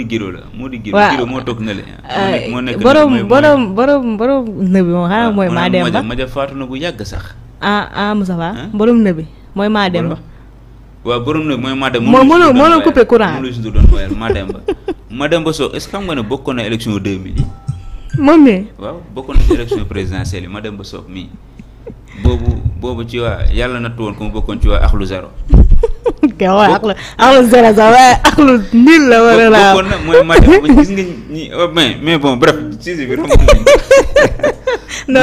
di Giro la moo di Giro. waaw Giro moo toog nële. Ah. Euh, moo nekk borom borom borom moom maa dem ba Maja na bu yàgg sax. ah ah Moussa borom nëbi mooy maa dem ba. waaw borom nëbi mooy soo est-ce que xam nga ne bokkoon na élection 2000 yi. moom mi waaw bokkoon na ci élection présidentielle yi dem ba soog mii boobu boobu ci waa yàlla nattu woon ko mu bokkoon ci waa Axlu Zaro. Kéem wax waaye ak lu la war a laaw. bokkoon na mais mais bon bref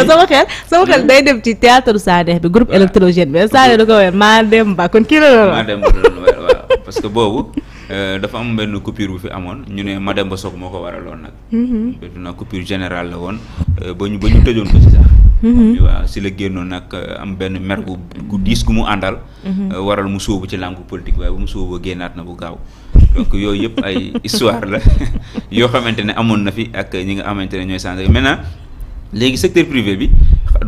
sama xel sama xel day dem ci théâtre Sanex bi groupe électrogène bi Sanex da ko wér maa dem ba kon kii la loolu. maa dem ba loolu parce que boobu dafa am benn coupure bu fi amoon ñu ne Mademba Sock moo ko waraloon nag. Mhm. benn coupure générale la woon euh, ba ñu ba ñu tëjoon ko ci sax. Mm-hmm. waaw si la génnoon nag euh, am benn mer gu gu diis gu mu àndal. Mm-hmm. Euh, waral mu sóobu ci làngu politique waaye bu mu sóoboo génnaat na bu gaaw. donc yooyu yëpp ay histoire la yoo xamante ne amoon na fi ak ñi nga xamante ne ñooy changé maintenant léegi secteur privé bi.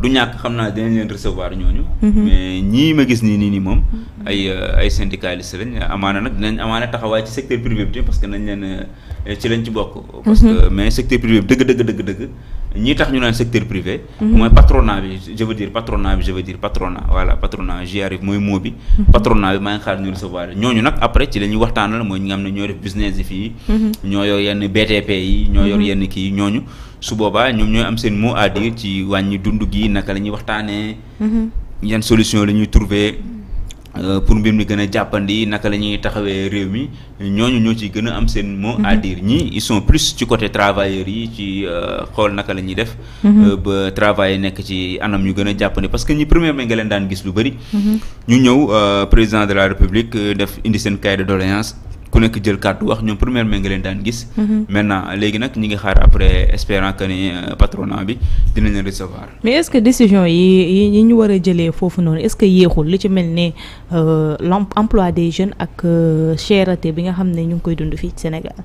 du ñàkk xam naa dinañ leen recevoir ñooñu. Mhm. mais ñii ma gis nii nii moom. ay ay syndicaliste lañ amaana nag dinañ amaana taxawaay ci secteur privé bi parce que nañ leen eh, ci lañ ci bokk. parce mhm. que mais secteur privé bi dëgg dëgg dëgg ñii tax ñu naan secteur privé. Mhm. mooy patronat bi je dire patronat bi je dire patronat voilà patronat j'y arrive mooy mot bi. patronat bi maa ngi xaar ñu recevoir ñooñu nag après ci la ñuy waxtaanal mooy ñi nga xam ne ñoo def su boobaa ñoom ñooy am seen mot à dire ci wàññi dund gi naka la ñuy waxtaanee. Mm-hmm. yan solution la ñuy trouver euh, pour mbir mi gën a jàppandi naka la ñuy taxawee réew mi ñooñu ñoo ci gën a am seen moo à mm-hmm. dire ñi ils sont plus ci côté travailleurs yi ci euh, xool naka la ñuy def. Mm-hmm. Euh, ba travail nekk ci anam ñu gën a jàppandi parce que ñi première bi nga leen daan gis lu bëri. ñu ñëw président de la république def indi seen cahier de doléance ku nekk jël carte wax ñoom première main nga leen daan gis. Mhm. maintenant léegi nag ñi ngi xaar après espérant que ni euh, patronat bi dina leen recevoir. mais est-ce que décision yi yi ñu war a jëlee foofu noonu est-ce que yéexul li ci mel euh, lamp l'emploi des jeunes ak euh, cherté bi nga xam ne ñu ngi koy dund fii Sénégal.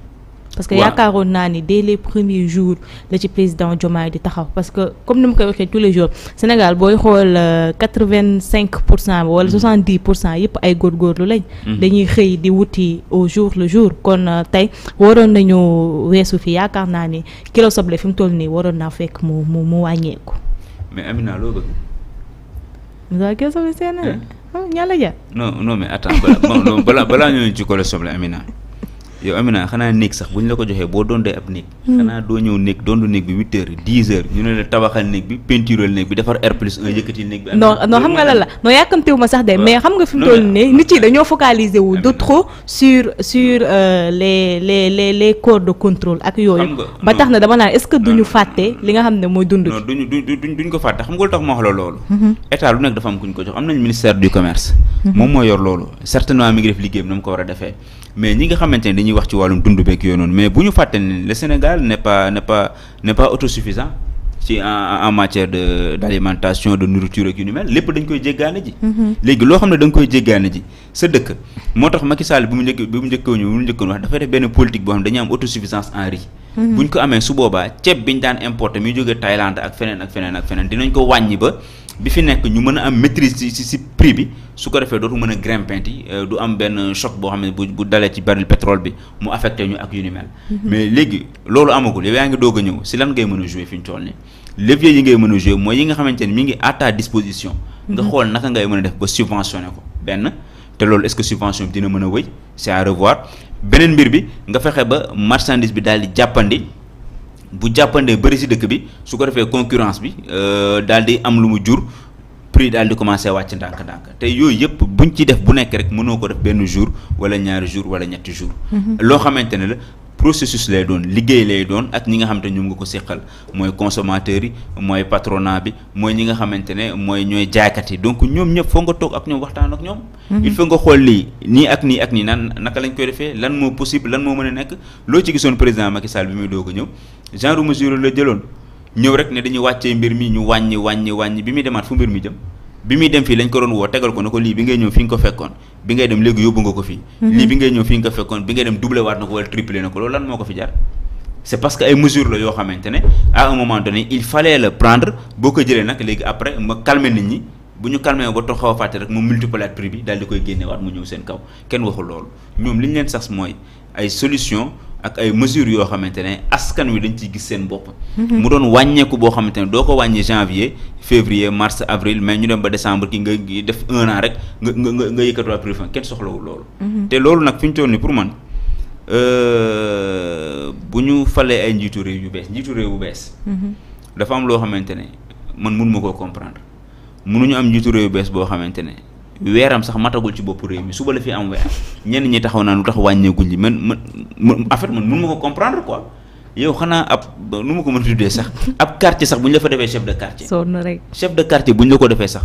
parce que yaakaaroon naa ni dès les premiers jours la ci président Diomaye di taxaw parce que comme ni ma koy waxee tous les jours Sénégal booy xool euh, quatre vingt cinq pour cent wala soixante dix pour cent yëpp ay góorgóorlu lañ mhm. dañuy xëy di wuti au jour le jour kon euh, tey waroon nañu weesu fi yaakaar naa ni kilo soble fi mu toll nii waroon naa fekk mu mu mu wàññeeku mais Amina loo bëgg waaw kilo soble seen ñaa la jar non non mais attends balaa balaa yow Amina xanaa néeg sax bu ñu la ko joxee boo doon dee ab néeg hmm. xanaa doo ñëw néeg doondu néeg bi huit heures ñu ne la tabaxal néeg bi peintural néeg bi defar air plus un yëkkatil néeg bi la non yàkkamtewu ma sax de mais xam nga ak yooyu ba tax na dama naan est-ce que duñu ah. fàtte li nga xam ne mooy dund non duñu duñ duñ ko fàtte xam nga lu tax ma wax la loolu mm-hmm. état lu nekk dafa am kuñ ko jox am nañ ministère du commerce mm-hmm. moom moo yor loolu certainement mi ngi def liggéey na mu ko war a defee mais ñi nga xamante ne dañuy wax ci wàllum dundu beeg yooyu noonu mais bu ñu fàtte ne le Sénégal n'est pas n'est pas ci en en matière de d'alimentation de nourriture ak yu lépp dañ koy jéggaane ji. Mm-hmm. léegi loo xam ne da koy jéggaane ji sa dëkk. moo tax Macky Sall bi mu njëkk bi mu njëkkoon ñu bi wax dafa def benn politique boo xam ne dañuy am autosuffisance en riz. Mm-hmm. buñ ko amee su boobaa ceeb bi biñ daan importer muy jógee Thaïlande ak feneen ak feneen ak feneen dinañ ko wàññi ba bi fi nekk ñu mën a am maîtrise ci ci prix bi su ko defee dootu mën a grimpinti euh, du am benn choc boo xam ne bu bu dalee ci baril pétrole bi mu affecté ñu ak yu mm-hmm. mais léegi loolu amagul yow yaa ngi doog a ñëw si lan ngay mën a jouer fi ñu toll nii levier yi ngay mën a jouer mooy yi nga xamante ne mu ngi à disposition. nga mm-hmm. xool naka ngay mën a def ba subventionné ko benn. te loolu est-ce que subvention bi dina mën a wëy c'est à revoir beneen mbir bi nga fexe ba marchandise bi daal di jàppandi bu jàppandee bëri si dëkk bi su ko defee concurrence bi euh, daal di am lu mu jur prix daal di commencé wàcc ndànk-ndànk te yooyu yëpp buñ ci def bu nekk rek mënoo ko def benn jour wala ñaari jour wala ñetti jour. Mm-hmm. loo xamante ne la processus lay doon liggéey lay doon ak ñi nga xamante ne ñoom nga ko seqal mooy consommateurs yi mooy patronat bi mooy ñi nga xamante ne mooy ñooy jaaykat yi donc ñoom ñëpp foo nga toog ak ñoom waxtaan ak ñoom. Mhm. il faut nga xool lii nii ak nii ak nii nan naka lañ koy defee lan moo possible lan moo mën a nekk loo ci gisoon président Macky Sall bi muy doog a ñëw genre mesure la jëloon ñëw rek ne dañu wàccee mbir mi ñu wàññi wàññi wàññi bi muy demaat fu mbir mi jëm. bi muy dem fii lañ ko doon woo tegal ko ne ko lii bi ngay ñëw fi nga ko fekkoon bi ngay dem léegi yóbbu nga ko fii mhm. lii bi ngay ñëw fi nga ko fekkoon bi ngay dem doublé waat na ko wala triplé na ko loolu lan moo ko fi jar c'est parce que ay mesures la yoo xamante ne à un moment donné il fallait le prendre boo ko jëlee nag léegi après ma calmer nit ñi bu ñu calmé ba toog xaw a fàtte rek mu multiplier prix bi daal di koy génnewaat mu ñëw seen kaw kenn ñoom li ñu leen sas mooy ay solution ak ay mesures yoo xamante ne askan wi dañ ci gis seen bopp. Mhm. mu doon wàññeeku boo xamante ne doo ko wàññi janvier février mars avril mais ñu dem ba décembre ki nga def un an rek nga nga nga yëkkatuwaat prix fan kenn soxlawul loolu. Mhm. te loolu nag fi ñu toll nii pour man euh, bu ñu falee ay njiitu réew yu bees njiitu réew bu bees. Mhm. dafa am loo xamante ne man mun ma koo comprendre munuñu am njiitu réew yu bees boo xamante ne. weeram sax matagul ci bopp réew mi suba la fi am weer ñenn ñi taxaw naa lu tax wàññeekuñ li man man man mënu ko comprendre quoi yow xanaa a bu ñu de quartier. sonn rek chef de quartier bu ñu la ko defee sax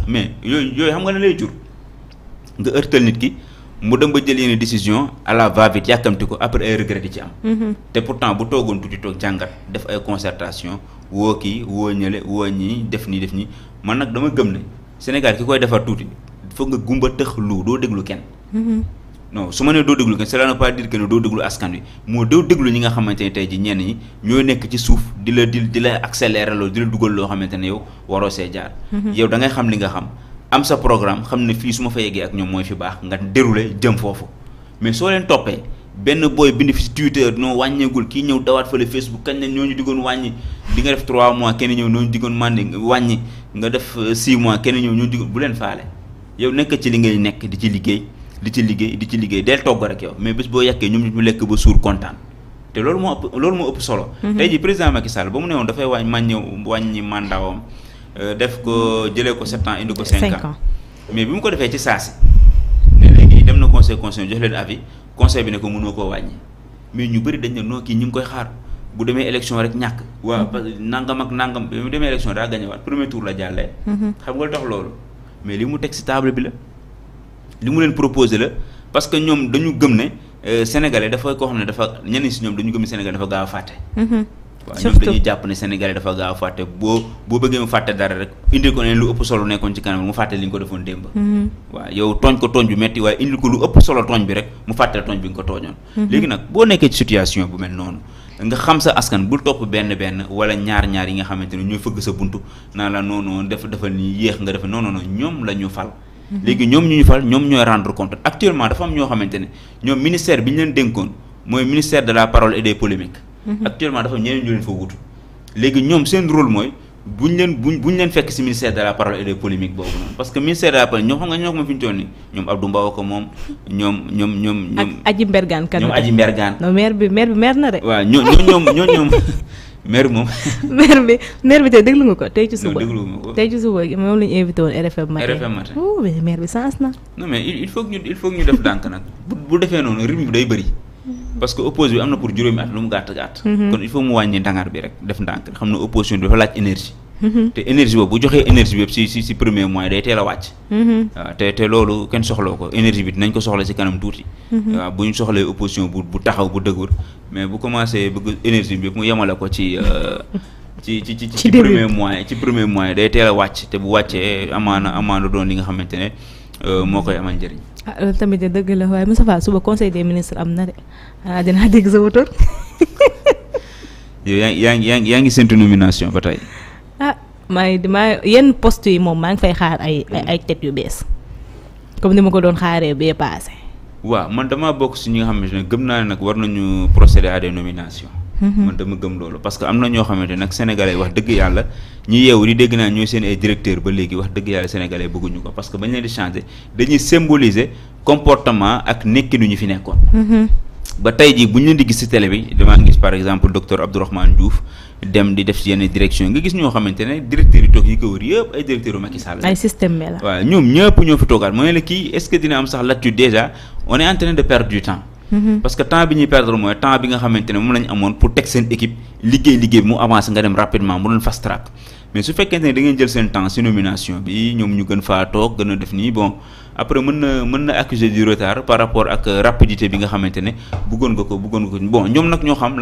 mu dem ba jël la va-vite yàkkamti ko après ay regret di ci am. Mm-hmm. te pourtant bu toogoon tuuti toog jàngat def ay concertation woo kii woo ñële woo ñii def nii def nii man nag dama gëm ne Sénégal ki koy defar tuuti. foog nga gumba tëx lu doo déglu kenn. Mm-hmm. non su ma nee doo déglu kenn cela ne pas dire que ne doo déglu askan wi moo doo déglu ñi nga xamante ne tey jii ñenn ñi ñoo nekk ci suuf di la di di la accélérer loolu di la dugal loo xamante ne yow waroo see jaar. Mm-hmm. yow da ngay xam li nga xam am sa programme xam ne fii su ma fa yeggee ak ñoom mooy fi baax nga dérouler jëm foofu mais soo leen toppee. benn booy bind fi si Twitter noo wàññeegul kii ñëw dawaat fële Facebook kañ nañ ñoo ñu diggoon wàññi di nga def 3 mois kenn ñëw ñoo ñu diggoon màndi wàññi nga def 6 euh, yow nekk ci li ngay nekk di ci liggéey di ci liggéey di ci liggéey del togg rek yow mais bés boo yàkkee ñoom ñu lekk ba suur kontaan te loolu moo ëpp loolu moo ëpp solo. Mhm. tey jii président Macky Sall ba mu ne woon dafay wàññi màññi wàññi mandaawam euh, def ko jëlee ko sept ans ko cinq ans mais bi mu ko defee ci saasi ne dem na conseil conseil jox leen avis bi ne ko mënoo koo wàññi mais ñu bëri dañ ne noo kii ñu ngi koy xaar bu demee élection rek ñàkk. waaw mhm. parce que nangam ak nangam mu demee élection daa gañewaat premier tour la jàllee. Mhm. xam nga lu tax loolu. mais li mu teg ci table bi la li mu leen proposé la parce que ñoom dañu gëm ne euh, sénégalais dafa koo xam ne dafa ñenn si ñoom dañu gëm ne sénégalais dafa gaaw fàtte. Mm-hmm. waaw ñoom jàpp ne sénégalais dafa gaaw a fàtte boo boo bëggee mu fàtte dara rek indil ko ne lu ëpp solo nekkoon ci kanam mu fàtte li nga ko defoon démb. Mm-hmm. waaw yow tooñ ko tooñ bi metti waaye indil ko lu ëpp solo tooñ bi rek mu fàtte la tooñ bi nga ko tooñoon. Mm-hmm. léegi nag boo nekkee ci situation bu mel noonu. nga xam sa askan bul topp benn benn wala ñaar ñaar yi nga xamante ne ñooy fëgg sa buntu naa la non non def defal nii yéex nga def non non ñoom la ñu fal. Mhm. léegi ñoom ñu ñu fal ñoom ñooy rendre compte actuellement dafa am ñoo xamante ne ñoom ministère bi ñu leen dénkoon mooy ministère de la parole et des mhm. actuellement dafa ñeneen ñu leen fa wut léegi ñoom seen role mooy. buñ leen buñ buñ leen fekk si ministère de parole et des polémiques boobu noonu parce que ministère de parole ñoom xam nga ñoo ko moom fi ñu toll nii ñoom Abdou ko moom ñoom ñoom ñoom. ñoom ak Aji Mbergane kan ñoom Aji Mbergane. non bi maire bi maire na de. waaw ñoo ñoo ñoo ñoom maire moom. maire bi maire bi tey déglu nga ko tey ci suba. non déglu nga ko tey ci suba moom la ñu invité woon RFM matin. RFM matin bi sance na. non mais il faut ñu il faut que ñu def dànk nag bu bu defee noonu rythme bi day bëri. parce que oppose bi am na pour juróomi at lu mu gàtt gàtt. Mhm. kon il faut mu wàññi dangar bi rek def ndànk xam ne opposition bi dafa laaj énergie. Mhm. te énergie boobu bu joxee énergie bi yëpp a wàcc. Mhm. waaw te te loolu kenn soxloo ko énergie bi dinañ ko soxla si kanam tuuti. waaw bu soxlee opposition bu taxaw bu dëgër mais bu commencé bëgg énergie bi yëpp mu yemale ko ci. Euh, ci ci ci ci premier mois ci premier mois day teel a wàcc te bu wàccee amaana amaana doon li nga xamante ne. Euh, moo koy amal njëriñ. ah tamit de dëgg la waaye Moustapha suba conseil des ministres am na de ah dinaa dégg sa wutoon. yow yaa ngi yaa ngi yaa ngi séntu nomination ba tey. ah maa ngi maa yenn poste yi moom maa ngi fay xaar ay ay tête yu bees comme ni ma ko doon xaaree bee paase. waaw man damaa bokk si ñi nga xam ne gëm naa ne nag war nañu procéder à des nomination Mhm. man dama gëm loolu parce que am na ñoo xamante nag sénégalais wax dëgg yàlla ñi yeewu di dégg naa ñooy seen ay directeur ba léegi wax dëgg yàlla sénégalais bëgguñu ko parce que bañ leen di changer dañuy symboliser comportement ak nekkinu ñu fi nekkoon mhm. ba tey jii bu ñu leen di gis ci télé bi damaa gis par exemple docteur Abdourahmane Diouf dem di def ci yenn direction nga gis ñoo xamante ne directeur yi toog yi ko wër yëpp ay directeur yu Macky Sall ay que dina am sax là-dessus déjà Mm-hmm. parce que temps bi ñuy perdre mooy temps bi nga xamante ne moom la amoon pour teg seen équipe liggéey liggéey bi mu avancé nga dem rapidement mu doon fast track mais su fekkente ne jël seen temps si nomination bi ñoom ñu gën faa toog gën a def nii bon après mën na mën na accuser du retard par rapport ak rapidité bi nga xamante ne bëggoon nga ko bëggoon nga ko ñoom nag ñoo xam